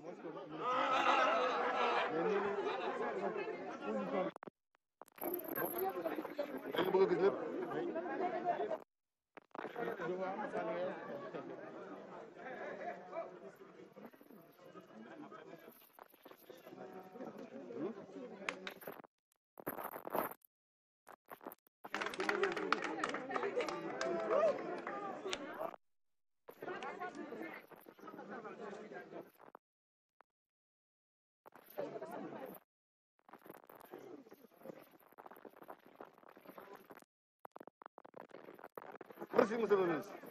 da nga bëgg a gis lépp Спасибо за